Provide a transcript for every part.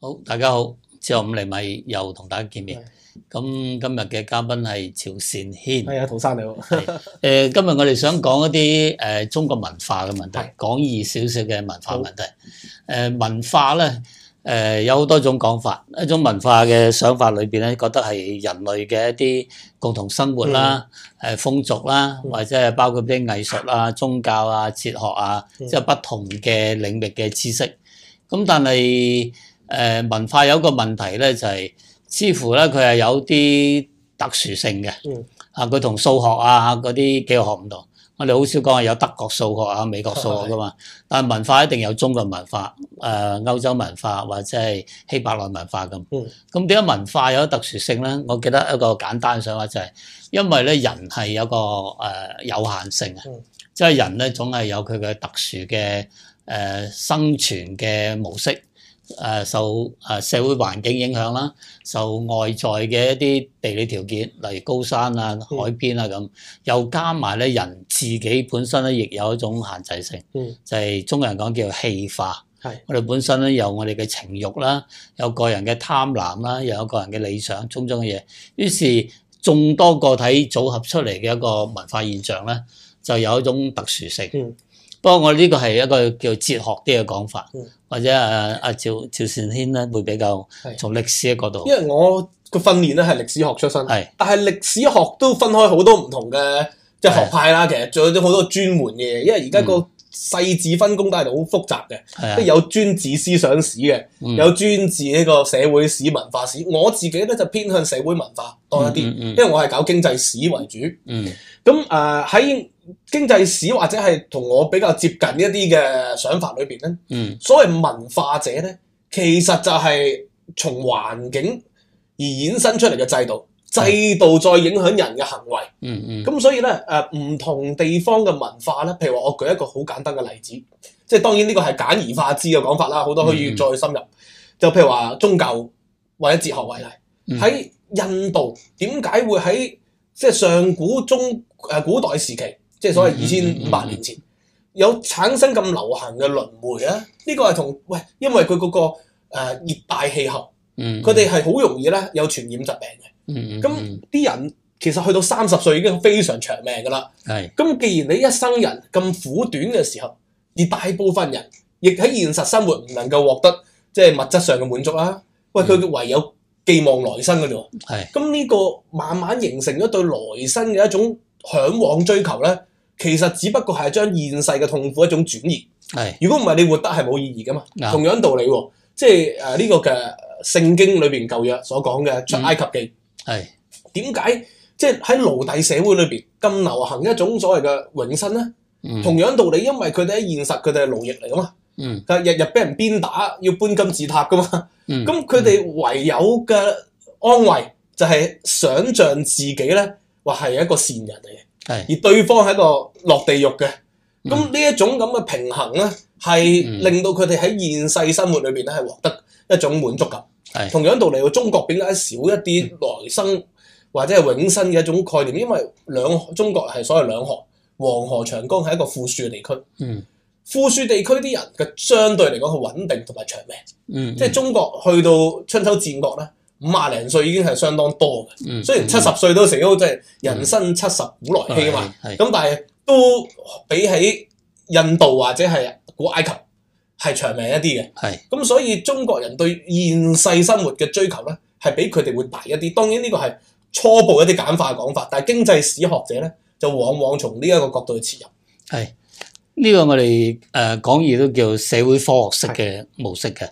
好，大家好，之後五厘米又同大家見面。咁今日嘅嘉賓係朝善軒，係啊，陶生，你好。誒，今日我哋想講一啲誒、呃、中國文化嘅問題，講易少少嘅文化問題。誒的、呃，文化咧。誒、呃、有好多種講法，一種文化嘅想法裏邊咧，覺得係人類嘅一啲共同生活啦、啊、誒、嗯、風俗啦、啊，或者係包括啲藝術啦、啊、宗教啊、哲學啊，即係、嗯、不同嘅領域嘅知識。咁但係誒、呃、文化有個問題咧，就係、是、似乎咧佢係有啲特殊性嘅，啊，佢同數學啊嗰啲幾何學唔同。我哋好少講話有德國數學啊、美國數學噶嘛，是是是但文化一定有中國文化、誒、呃、歐洲文化或者係希伯來文化咁。咁點解文化有特殊性咧？我記得一個簡單嘅想法就係、是，因為咧人係有個誒、呃、有限性啊，嗯、即係人咧總係有佢嘅特殊嘅誒、呃、生存嘅模式。誒受社會環境影響啦，受外在嘅一啲地理條件，例如高山啊、海邊啊咁，又加埋咧人自己本身咧，亦有一種限制性，嗯、就係中國人講叫氣化。是我哋本身咧有我哋嘅情慾啦，有個人嘅貪婪啦，又有個人嘅理想，種種嘅嘢，於是眾多個體組合出嚟嘅一個文化現象咧，就有一種特殊性。嗯、不過我呢個係一個叫哲學啲嘅講法。嗯或者阿阿、啊、趙趙善軒咧會比較從歷史嘅角度，因為我個訓練咧係歷史學出身，係是，但係歷史學都分開好多唔同嘅即係學派啦。的其實仲有咗好多專門嘅，因為而家個細緻分工都係好複雜嘅，即係的有專治思想史嘅，的有專治呢個社會史文化史。的我自己咧就偏向社會文化多一啲，嗯嗯、因為我係搞經濟史為主。嗯，咁啊喺。呃在經濟史或者係同我比較接近一啲嘅想法裏面，呢嗯，所謂文化者呢，其實就係從環境而衍生出嚟嘅制度，制度再影響人嘅行為，嗯嗯，咁、嗯、所以呢，呃、唔同地方嘅文化呢，譬如話我舉一個好簡單嘅例子，即係當然呢個係簡而化之嘅講法啦，好多可以再深入，嗯、就譬如話宗教或者哲學為例，喺、嗯、印度點解會喺即係上古中誒古代時期？即係所謂二千五百年前有產生咁流行嘅輪迴啊！呢個係同喂，因為佢嗰個誒、呃、熱帶氣候，佢哋係好容易咧有傳染疾病嘅。咁啲、嗯嗯、人其實去到三十歲已經非常長命噶啦。係咁，既然你一生人咁苦短嘅時候，而大部分人亦喺現實生活唔能夠獲得即係物質上嘅滿足啦。喂，佢唯有寄望來生嘅啫喎。係咁，呢個慢慢形成咗對來生嘅一種向往追求咧。其實只不過係將現世嘅痛苦一種轉移。係是，如果唔係你活得係冇意義噶嘛。嗯、同樣道理喎，即係誒呢個嘅聖經裏邊舊約所講嘅出埃及記。係、嗯，點解即係喺奴隸社會裏邊咁流行一種所謂嘅永生咧？嗯、同樣道理，因為佢哋喺現實佢哋係奴役嚟噶嘛。嗯，佢日日俾人鞭打，要搬金字塔噶嘛。咁佢哋唯有嘅安慰就係想像自己咧話係一個善人嚟嘅。是而對方係一個落地獄嘅，咁呢一種咁嘅平衡咧，係令到佢哋喺現世生活裏面咧係獲得一種滿足感。是同樣道理，中國點解少一啲來生或者係永生嘅一種概念？因為兩中國係所謂兩河，黃河長江係一個富庶嘅地區。嗯，富庶地區啲人嘅相對嚟講係穩定同埋長命。嗯，即係中國去到春秋戰國咧。五啊零歲已經係相當多嘅，嗯嗯、雖然七十歲都成，都即係人生七十、嗯嗯、古來稀啊嘛。咁但係都比起印度或者係古埃及係長命一啲嘅。咁是所以中國人對現世生活嘅追求咧，係比佢哋會大一啲。當然呢個係初步一啲簡化嘅講法，但係經濟史學者咧就往往從呢一個角度去切入。係呢、這個我哋誒、呃、講義都叫社會科學式嘅模式嘅。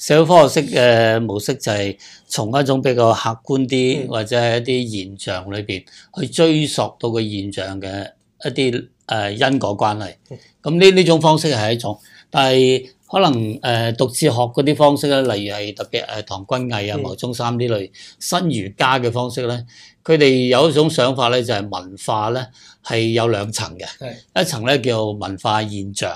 社會科學式嘅模式就係從一種比較客觀啲，嗯、或者係一啲現象裏邊去追溯到個現象嘅一啲誒因果關係。咁呢呢種方式係一種，但係可能誒讀哲學嗰啲方式咧，例如係特別誒唐君毅啊、牟宗、嗯、三呢類新儒家嘅方式咧，佢哋有一種想法咧，就係文化咧係有兩層嘅，是一層咧叫文化現象。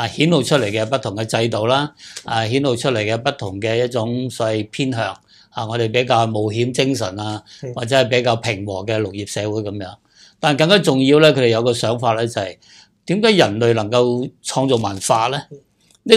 啊，顯露出嚟嘅不同嘅制度啦，啊，顯露出嚟嘅不同嘅一種所謂偏向，啊，我哋比較冒險精神啊，或者係比較平和嘅農業社會咁樣。但係更加重要咧，佢哋有個想法咧、就是，就係點解人類能夠創造文化咧？呢、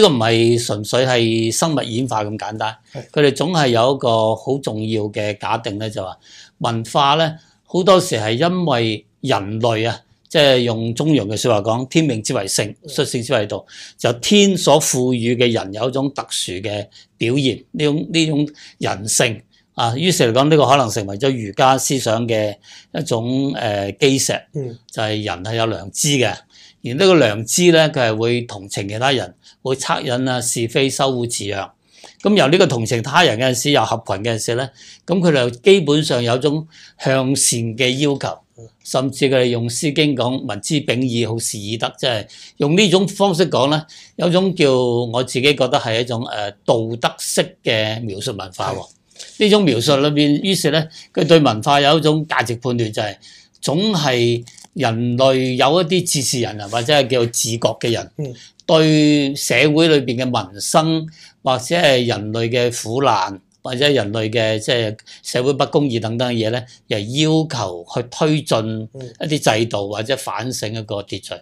這個唔係純粹係生物演化咁簡單，佢哋總係有一個好重要嘅假定咧、就是，就話文化咧好多時係因為人類啊。即係用中庸嘅說話講，天命之謂性，率性之謂道，就天所賦予嘅人有一種特殊嘅表現，呢種呢種人性啊。於是嚟講，呢、這個可能成為咗儒家思想嘅一種誒、呃、基石。就係、是、人係有良知嘅，而呢個良知咧，佢係會同情其他人，會惻隱啊是非，羞惡辭讓。咁、嗯、由呢個同情他人嘅時，有合群嘅時咧，咁佢就基本上有一種向善嘅要求。甚至佢哋用《詩經》講民之秉彝，好是懿德，即、就、係、是、用呢種方式講呢有一種叫我自己覺得係一種誒道德式嘅描述文化。呢是的 種描述裏邊，於是呢，佢對文化有一種價值判斷、就是，就係總係人類有一啲自視人啊，或者係叫做自覺嘅人，嗯、對社會裏邊嘅民生或者係人類嘅苦難。或者人類嘅即係社會不公義等等嘅嘢咧，又要求去推進一啲制度或者反省一個秩序。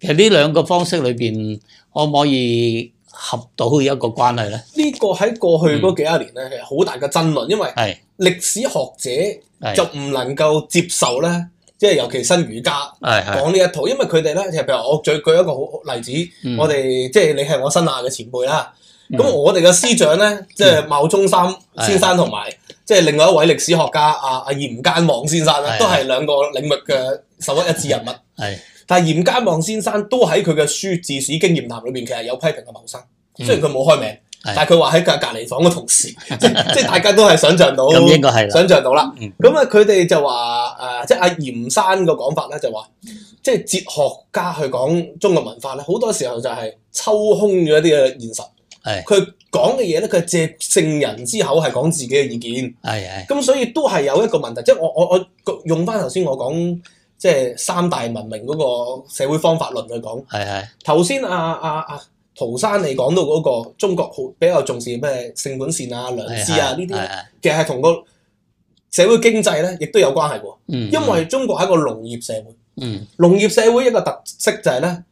其實呢兩個方式裏邊，可唔可以合到一個關係咧？呢個喺過去嗰幾廿年咧，其實好大嘅爭論，因為歷史學者就唔能夠接受咧，即係是的 尤其新儒家是的 講呢一套，因為佢哋咧，就譬如我最舉一個好例子，嗯、我哋即係你係我新亞嘅前輩啦。咁、嗯、我哋嘅師長咧，即、就、係、是、牟宗三先生同埋，即係另外一位歷史學家阿阿的、啊啊、嚴耕望先生咧，的都係兩個領域嘅首屈一指人物。係，但係嚴耕望先生都喺佢嘅書《治史經驗談》裏邊，其實有批評嘅牟生。雖然佢冇開名，的但係佢話喺隔隔離房嘅同事的，即即係大家都係想像到，咁 應該係啦，想像到啦。咁、嗯、啊，佢哋就話誒，即係阿嚴生嘅講法咧，就話即係哲學家去講中國文化咧，好多時候就係抽空咗一啲嘅現實。係佢講嘅嘢咧，佢係是借聖人之口係講自己嘅意見。係係咁，所以都係有一個問題，即係我我我用翻頭先我講即係三大文明嗰個社會方法論去講。係係頭先阿阿阿陶生你講到嗰、那個中國好比較重視咩性本善啊、良知啊呢啲，其實係同個社會經濟咧亦都有關係喎、啊。嗯、因為中國係一個農業社會。嗯，農業社會一個特色就係咧。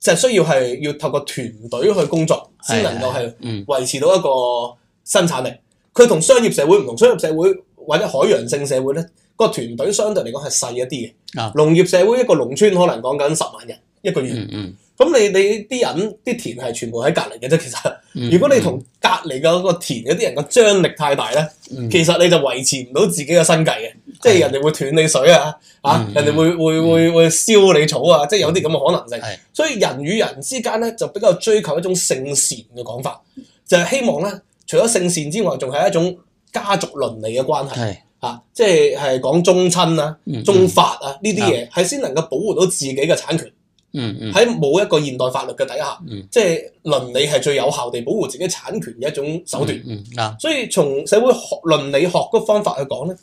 就係需要係要透過團隊去工作，先能夠係維持到一個生產力。佢同、嗯、商業社會唔同，商業社會或者海洋性社會咧，個團隊相對嚟講係細一啲嘅。啊、農業社會一個農村可能講緊十萬人一個月，咁、嗯嗯、你你啲人啲田係全部喺隔離嘅啫。其實，嗯、如果你同隔離嘅個田嗰啲人嘅張力太大咧，嗯、其實你就維持唔到自己嘅生計嘅。即係人哋會斷你水啊，啊，人哋會會會會燒你草啊，即係有啲咁嘅可能性。所以人與人之間咧，就比較追求一種性善嘅講法，就係希望咧，除咗性善之外，仲係一種家族倫理嘅關係。吓，即係係講宗親啊、宗法啊呢啲嘢，係先能夠保護到自己嘅產權。喺冇一個現代法律嘅底下，即係倫理係最有效地保護自己產權嘅一種手段。所以從社會學倫理學嘅方法去講咧。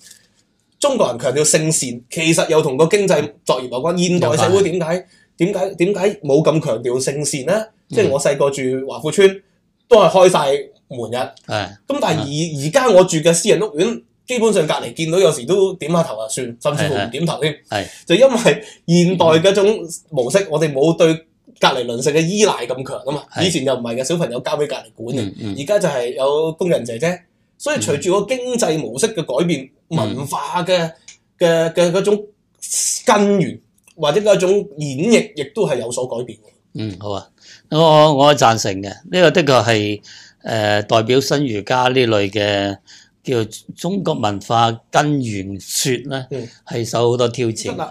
中國人強調性善，其實又同個經濟作業有關。現代社會點解點解點解冇咁強調性善咧？即係、嗯、我細個住華富村，都係開晒門嘅。咁、嗯、但係而而家、嗯、我住嘅私人屋苑，基本上隔離見到有時都點下頭就算，甚至乎唔點頭添。就因為現代嗰種模式，嗯、我哋冇對隔離鄰舍嘅依賴咁強啊嘛。是以前又唔係嘅，小朋友交俾隔離管嘅。而家、嗯嗯、就係有工人姐姐。所以隨住個經濟模式嘅改變，嗯嗯、文化嘅嘅嘅嗰種根源或者嗰種演繹，亦都係有所改變嘅。嗯，好啊，我我係贊成嘅，呢、這個的確係誒、呃、代表新儒家呢類嘅叫中國文化根源説咧，係、嗯、受好多挑戰。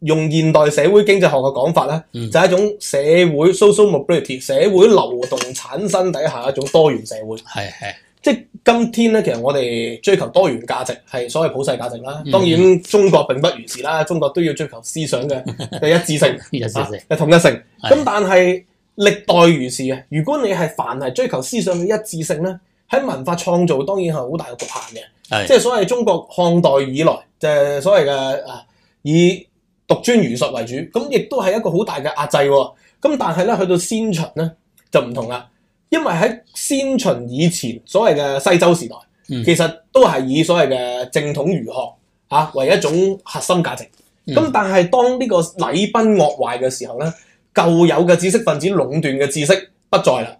用現代社會經濟學嘅講法咧，嗯、就係一種社會 social mobility 社會流動產生底下一種多元社會。係、係。即係今天咧，其實我哋追求多元價值係所謂普世價值啦。當然中國並不如是啦，中國都要追求思想嘅一致性、統 一性。咁 但係歷代如是。如果你係凡係追求思想嘅一致性咧，喺文化創造當然係好大嘅局限嘅。 即係所謂中國漢代以來就係所謂嘅啊，以獨尊儒術為主，咁亦都係一個好大嘅壓制。咁但係咧去到先秦咧就唔同啦。因為喺先秦以前所謂嘅西周時代，嗯、其實都係以所謂嘅正統儒學嚇、啊、為一種核心價值。咁、嗯、但係當呢個禮崩樂壞嘅時候咧，舊有嘅知識分子壟斷嘅知識不在啦。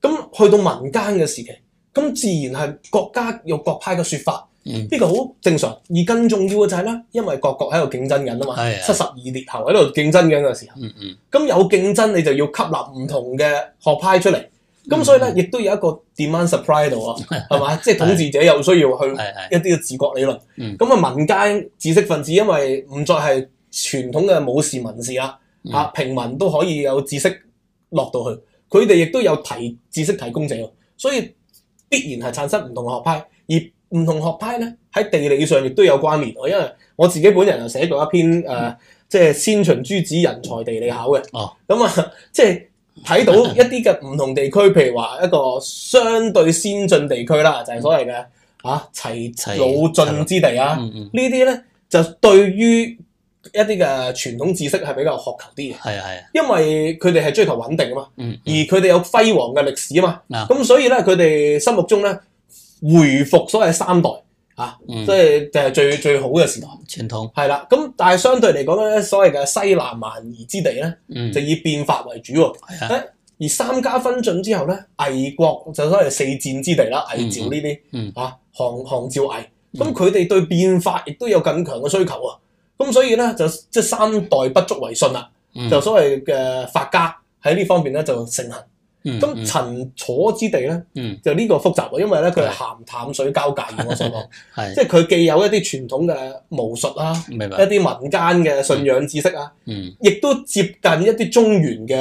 咁去到民間嘅時期，咁自然係國家有各派嘅說法。呢、嗯、個好正常，而更重要嘅就係咧，因為各國喺度競爭緊啊嘛，七十二列頭喺度競爭緊嘅時候，咁、嗯嗯、有競爭你就要吸納唔同嘅學派出嚟，咁、嗯、所以咧亦、嗯、都有一個 demand supply 度啊，係嘛？即係統治者有需要去一啲嘅治國理論，咁啊民間知識分子因為唔再係傳統嘅武士文士啦，嚇、嗯啊、平民都可以有知識落到去，佢哋亦都有提知識提供者，所以必然係產生唔同嘅學派而。唔同學派咧，喺地理上亦都有關聯。我因為我自己本人就寫過一篇誒、呃，即係先秦諸子人才地理考嘅。哦，咁啊，即係睇到一啲嘅唔同地區，譬、嗯、如話一個相對先進地區啦，就係、是、所謂嘅齊、嗯啊、齊魯晉齊之地啊。嗯嗯，嗯呢啲咧就對於一啲嘅傳統知識係比較渴求啲嘅。啊啊、嗯，嗯、因為佢哋係追求穩定啊嘛嗯。嗯，而佢哋有輝煌嘅歷史啊嘛。咁、嗯、所以咧，佢哋心目中咧。回復所謂三代嚇，啊嗯、即係誒最最好嘅時代，傳統係啦。咁但係相對嚟講咧，所謂嘅西南蠻夷之地咧，嗯、就以變法為主喎。誒而三家分晉之後咧，魏國就所謂四戰之地啦，魏趙呢啲啊，韓韓趙魏，咁佢哋對變法亦都有更強嘅需求啊。咁所以咧就即係三代不足為信啦，就所謂嘅法家喺呢方面咧就盛行。咁陳楚之地咧，就呢個複雜喎，因為咧佢係鹹淡水交界，我所講，即係佢既有一啲傳統嘅巫術啊，一啲民間嘅信仰知識啊，亦都接近一啲中原嘅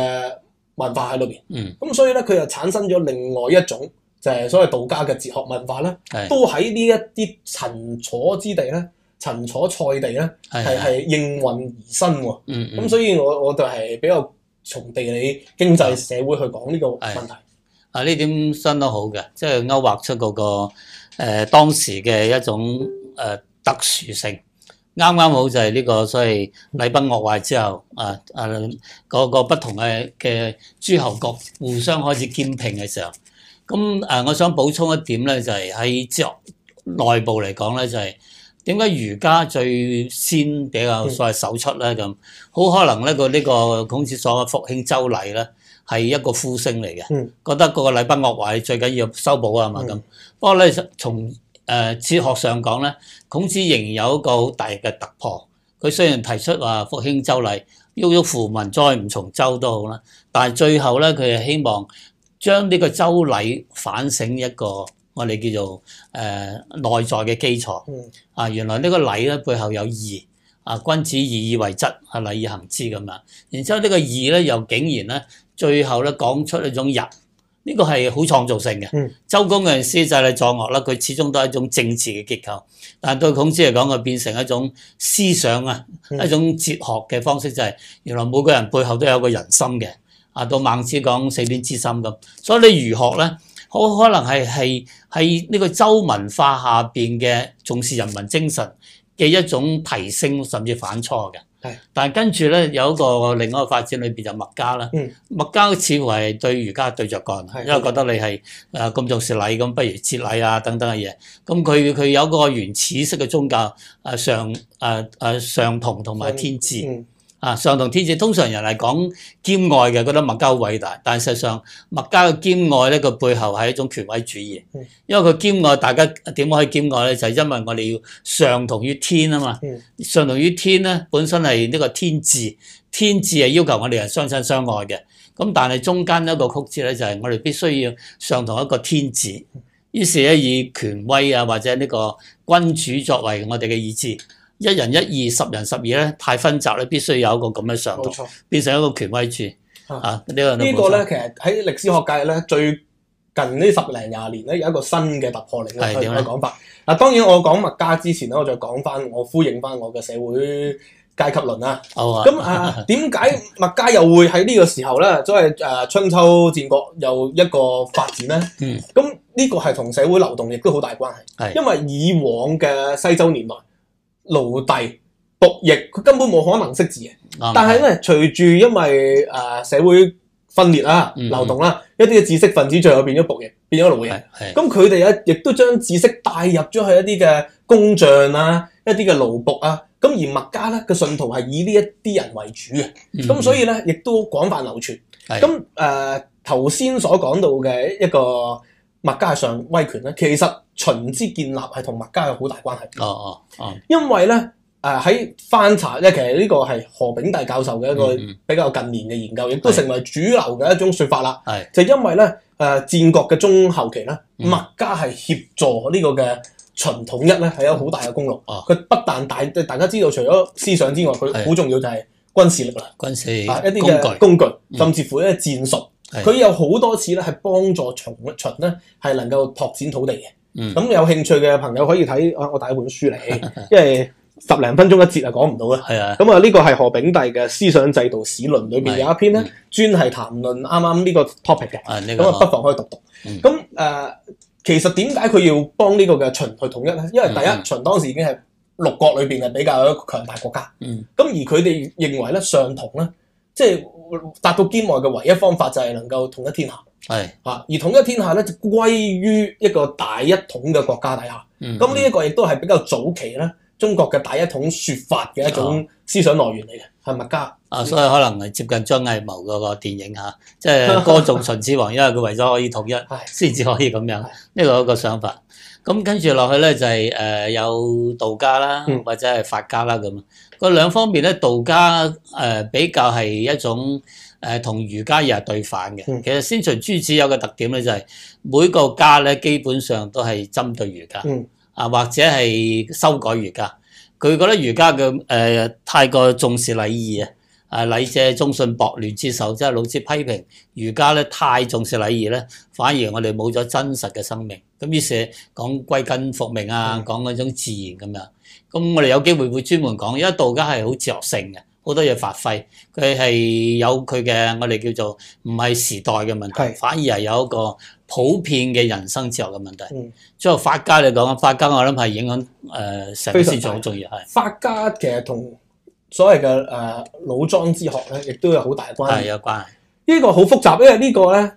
文化喺裏邊。咁所以咧，佢又產生咗另外一種就係所謂道家嘅哲學文化咧，都喺呢一啲陳楚之地咧，陳楚菜地咧，係係應運而生喎。咁所以我我就係比較。從地理、經濟、社會去講呢個問題，的啊呢點相當好嘅，即、就、係、是、勾畫出嗰、那個誒、呃、當時嘅一種誒、呃、特殊性，啱啱好就係呢、這個所謂禮崩樂壞之後，啊啊嗰個不同嘅嘅諸侯國互相開始兼並嘅時候，咁啊我想補充一點咧，就係喺著內部嚟講咧，就係、是。點解儒家最先比較所謂首出咧咁？好、嗯、可能咧，佢、這、呢個孔子所謂復興周禮咧，係一個呼聲嚟嘅，嗯、覺得個禮崩樂壞最緊要修補啊嘛咁。嗯、不過咧，從誒、呃、哲學上講咧，孔子仍然有一個好大嘅突破。佢雖然提出話復興周禮，郁郁乎文再唔從周都好啦，但係最後咧，佢係希望將呢個周禮反省一個。我哋叫做誒、呃、內在嘅基礎，啊，原來呢個禮咧，背後有義，啊，君子義以為質，係禮以行之咁啊。然之後呢個義咧，又竟然咧，最後咧講出一種仁」這，呢個係好創造性嘅。嗯、周公嘅詩就係作樂啦，佢始終都係一種政治嘅結構，但係對孔子嚟講，佢變成一種思想啊，嗯、一種哲學嘅方式、就係，就係原來每個人背後都有個人心嘅。啊，到孟子講四端之心咁，所以你儒學咧。好可能係係係呢個周文化下邊嘅重視人民精神嘅一種提升，甚至反錯嘅。係，但係跟住咧有一個另外一個發展裏邊，就墨家啦。嗯，墨家似乎係對儒家對著幹，嗯、因為覺得你係誒咁重視禮咁，不如節禮啊等等嘅嘢。咁佢佢有個原始式嘅宗教誒、呃呃呃、上誒誒上同同埋天志。嗯嗯。啊，上同天子，通常人嚟講，兼愛嘅，覺得墨家好偉大，但事實上墨家嘅兼愛呢個背後係一種權威主義。因為佢兼愛，大家點可以兼愛呢？就係因為我哋要上同於天啊嘛。上同於天呢本身係呢個天字，天字係要求我哋係相親相愛嘅。咁但係中間一個曲折呢，就係我哋必須要上同一個天子，於是咧以權威啊或者呢個君主作為我哋嘅意志。一人一二十人十二咧，太分集，咧，必須有一個咁嘅上圖，變成錯一個權威主啊！呢、啊、個，個呢咧，其實喺歷史學界咧，最近呢十零廿年咧，有一個新嘅突破嚟嘅。點樣講法？當然我講墨家之前咧，我就講翻，我呼應翻我嘅社會階級論啦。咁、哦、啊，點解、啊、 墨家又會喺呢個時候咧，即係誒春秋戰國有一個發展咧？嗯，咁呢個係同社會流動亦都好大關係。是因為以往嘅西周年代。奴隸僕役，佢根本冇可能識字嘅。嗯、但係咧，隨住的因為誒、呃、社會分裂啦、啊、嗯、流動啦、啊，一啲嘅知識分子最後變咗僕役，變咗奴役。咁佢哋咧亦都將知識帶入咗去一啲嘅工匠啦、啊、一啲嘅奴僕啊。咁而墨家咧嘅信徒係以呢一啲人為主嘅。咁、嗯、所以咧，亦都廣泛流傳。咁誒的，頭先、嗯呃、所講到嘅一個。墨家上威權咧，其實秦之建立係同墨家有好大關係、哦。哦哦哦，因為咧，誒、呃、喺翻查咧，其實呢個係何炳棣教授嘅一個比較近年嘅研究，亦、嗯嗯、都成為主流嘅一種説法啦。嗯、就因為咧，誒、呃、戰國嘅中後期咧，墨、嗯、家係協助呢個嘅秦統一咧，係有好大嘅功勞。啊、嗯，佢、哦、不但大，大家知道，除咗思想之外，佢好重要就係軍事力量，軍事力啊，一啲工具，工具嗯、甚至乎一啲戰術。佢有好多次咧，係幫助秦、秦咧，係能夠拓展土地嘅。咁、嗯、有興趣嘅朋友可以睇啊，我帶一本書嚟， 因為十零分鐘一節啊，講唔到嘅。啊，咁啊，呢個係何炳棣嘅《思想制度史論》裏面有一篇咧，嗯、專係談論啱啱呢個 topic 嘅。咁啊，這個、不妨可以讀讀。咁、嗯呃、其實點解佢要幫呢個嘅秦去統一咧？因為第一，嗯、秦當時已經係六國裏面係比較強大國家。嗯。咁而佢哋認為咧，上同咧。即係達到兼愛嘅唯一方法就係能夠統一天下。係啊是，而統一天下咧就歸於一個大一統嘅國家底下。咁呢一個亦都係比較早期咧中國嘅大一統說法嘅一種思想來源嚟嘅，係墨家。是是啊，所以可能係接近張藝謀嗰個電影下即係歌頌秦始皇， 因為佢為咗可以統一，先至 可以咁樣呢個唉一個想法。咁跟住落去咧就係、是呃、有道家啦，或者係法家啦咁。嗯個兩方面咧，道家誒、呃、比較係一種誒同儒家又係對反嘅。其實先秦諸子有個特點咧、就是，就係每個家咧基本上都係針對儒家，啊或者係修改儒家。佢覺得儒家嘅誒太過重視禮儀啊。誒、啊、禮者忠信薄亂之首，即係老子批評儒家咧太重視禮儀咧，反而我哋冇咗真實嘅生命。咁於是講歸根復命，啊，的講嗰種自然咁樣。咁我哋有機會會專門講，因為道家係好哲學性嘅，好多嘢發揮，佢係有佢嘅我哋叫做唔係時代嘅問題，的反而係有一個普遍嘅人生哲學嘅問題。嗯的，作為法家嚟講，法家我諗係影響誒成、呃、個思想好重要。法家其實同。所謂嘅誒、呃、老莊之學咧，亦都有好大關係。係有關係。呢個好複雜，因為這個呢個咧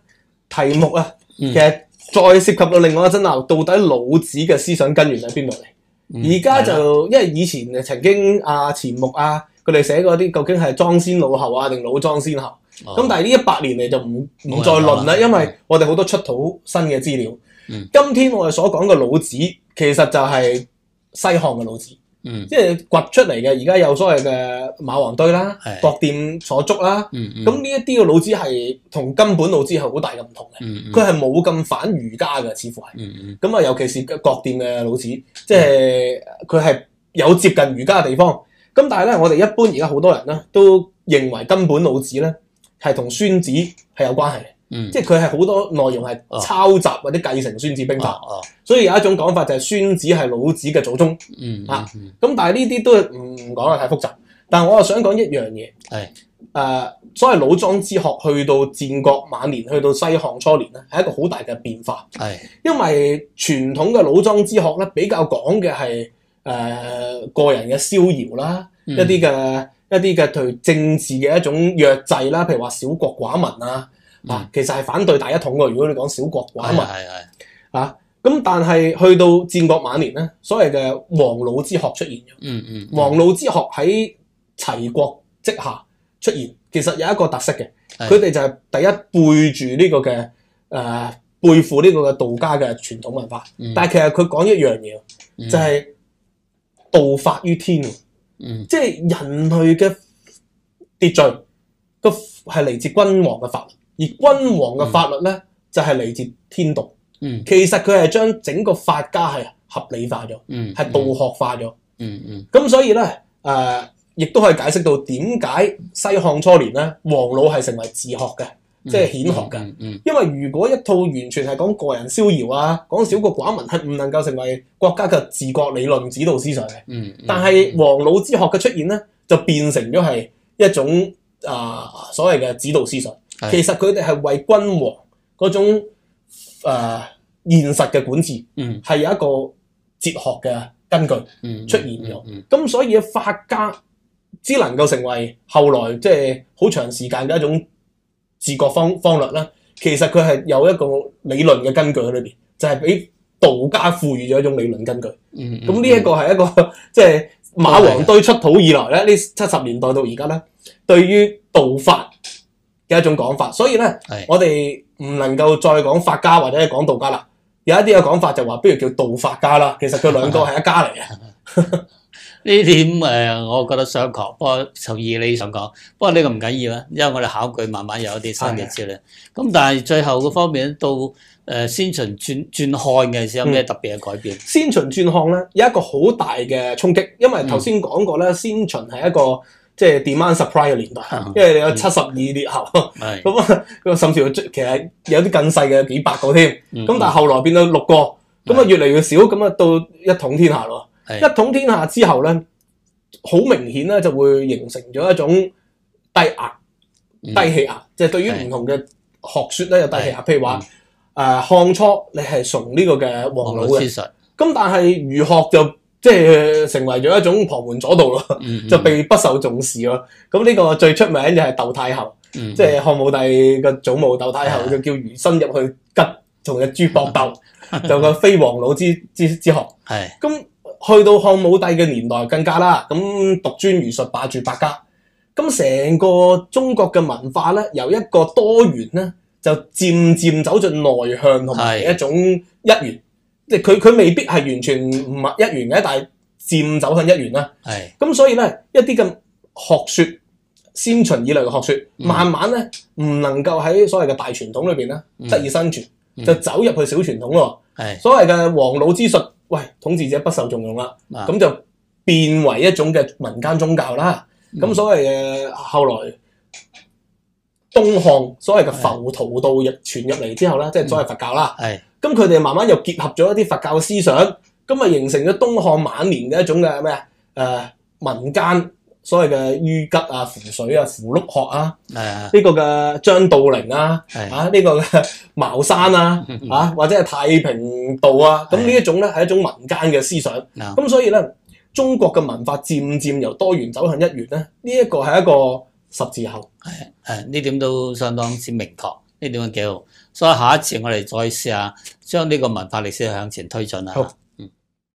題目啊，嗯、其實再涉及到另外一個爭拗，到底老子嘅思想根源喺邊度嚟？而家、嗯、就了因為以前曾經阿、啊、錢穆啊，佢哋寫過啲究竟係莊先老後啊，定老莊先後？咁、哦、但係呢一百年嚟就唔唔再論啦，論因為我哋好多出土新嘅資料。嗯、今天我哋所講嘅老子，其實就係西漢嘅老子。嗯，即係掘出嚟嘅，而家有所謂嘅馬王堆啦，的郭店所著啦，咁呢一啲嘅老子係同根本老子係好大嘅唔同嘅，佢係冇咁反儒家嘅，似乎係，咁啊、嗯嗯、尤其是郭店嘅老子，嗯嗯即係佢係有接近儒家嘅地方，咁但係咧，我哋一般而家好多人咧都認為根本老子咧係同孫子係有關係。嗯、即係佢係好多內容係抄襲或者繼承孫子兵法，啊啊、所以有一種講法就係孫子係老子嘅祖宗。嚇咁、嗯嗯嗯啊，但係呢啲都唔講啦，太複雜。但我又想講一樣嘢，係是、呃、所謂老莊之學去到戰國晚年去到西漢初年咧，係一個好大嘅變化。是因為傳統嘅老莊之學咧，比較講嘅係誒個人嘅逍遙啦、嗯，一啲嘅一啲嘅對政治嘅一種約制啦，譬如話小國寡民啊。嗱，其實係反對大一統嘅。如果你講小國嘅話，是是是是啊，咁但係去到戰國晚年咧，所謂嘅黃老之學出現咗。嗯嗯，嗯。黃老之學喺齊國稷下出現，其實有一個特色嘅，佢哋是是 就係第一背住呢個嘅誒、呃，背負呢個嘅道家嘅傳統文化。嗯嗯，但係其實佢講一樣嘢，就係、是、道法於天，即係、嗯嗯、人類嘅秩序，都係嚟自君王嘅法。而君王嘅法律咧，嗯、就係嚟自天道。嗯、其實佢係將整個法家係合理化咗，係、嗯嗯、道學化咗。咁、嗯嗯、所以咧，誒亦都可以解釋到點解西漢初年咧，王老係成為自學嘅，即係顯學嘅。嗯嗯嗯嗯、因為如果一套完全係講個人逍遙啊，講小國寡民，係唔能夠成為國家嘅治國理論指導思想嘅。嗯嗯、但係王老之學嘅出現咧，就變成咗係一種啊、呃、所謂嘅指導思想。其實佢哋係為君王嗰種誒、呃、現實嘅管治，係有、嗯、一個哲學嘅根據出現咗。咁、嗯嗯嗯嗯嗯、所以法家只能夠成為後來即係好長時間嘅一種治國方方略啦。其實佢係有一個理論嘅根據喺裏邊，就係、是、俾道家賦予咗一種理論根據。咁呢、嗯嗯嗯、一個係一個即係馬王堆出土以來咧，呢、哦、七十年代到而家咧，對於道法嘅一種講法，所以咧，是我哋唔能夠再講法家或者講講道家啦。有一啲嘅講法就話，不如叫道法家啦。其實佢兩個係一家嚟嘅。呢 點、呃、我覺得想講，不過就以你想講不過呢個唔緊要啦，因為我哋考據慢慢有一啲新嘅資料。咁的但係最後嘅方面到、呃、先秦轉轉漢嘅時候、嗯、有咩特別嘅改變？先秦轉漢咧有一個好大嘅衝擊，因為頭先講過咧，嗯、先秦係一個。即係 demand s u r p r i s e 嘅年代，因為你有七十二列侯，咁啊，甚至佢其實有啲更細嘅幾百個添。咁但係後來變到六個，咁啊、嗯、越嚟越少，咁啊、嗯、到一統天下咯。嗯、一統天下之後咧，好明顯咧就會形成咗一種低壓、嗯、低氣壓，即、就、係、是、對於唔同嘅學説咧有低氣壓。譬、嗯、如話，誒漢、嗯啊、初你係從呢個嘅王老嘅，事咁但係儒學就。即係成為咗一種旁門左道咯，就、嗯嗯、被不受重視咯。咁呢個最出名就係竇太后，嗯嗯即係漢武帝嘅祖母竇太后，就叫儒生入去吉同隻豬搏鬥，嗯嗯就個非黃老之之之學。咁、嗯嗯、去到漢武帝嘅年代更加啦，咁、嗯、獨尊儒術，罷黜百家，咁、嗯、成個中國嘅文化咧，由一個多元咧，就漸漸走進內向同埋一種一元。即佢佢未必係完全唔係一元嘅，但係漸走向一元啦。咁是，所以咧一啲咁學說、先秦以嚟嘅學說，嗯、慢慢咧唔能夠喺所謂嘅大傳統裏面咧、嗯、得以生存，嗯、就走入去小傳統咯。是所謂嘅黃老之術，喂統治者不受重用啦，咁、啊、就變為一種嘅民間宗教啦。咁、嗯、所謂嘅後來。東漢所謂嘅浮屠道亦傳入嚟之後咧，是的即係所謂佛教啦。咁佢哋慢慢又結合咗一啲佛教嘅思想，咁啊形成咗東漢晚年嘅一種嘅咩啊？誒民間所謂嘅於吉啊、符水啊、符箓學啊，呢、呢個嘅張道陵啊，啊呢個嘅茅山 啊，或者係太平道啊，咁呢的一種咧係一種民間嘅思想。咁的所以咧，中國嘅文化漸漸由多元走向一元咧，呢一個係一個。十字後這點呢點都相當之明確，呢點都好。所以下一次我哋再試下將呢個文化歷史向前推進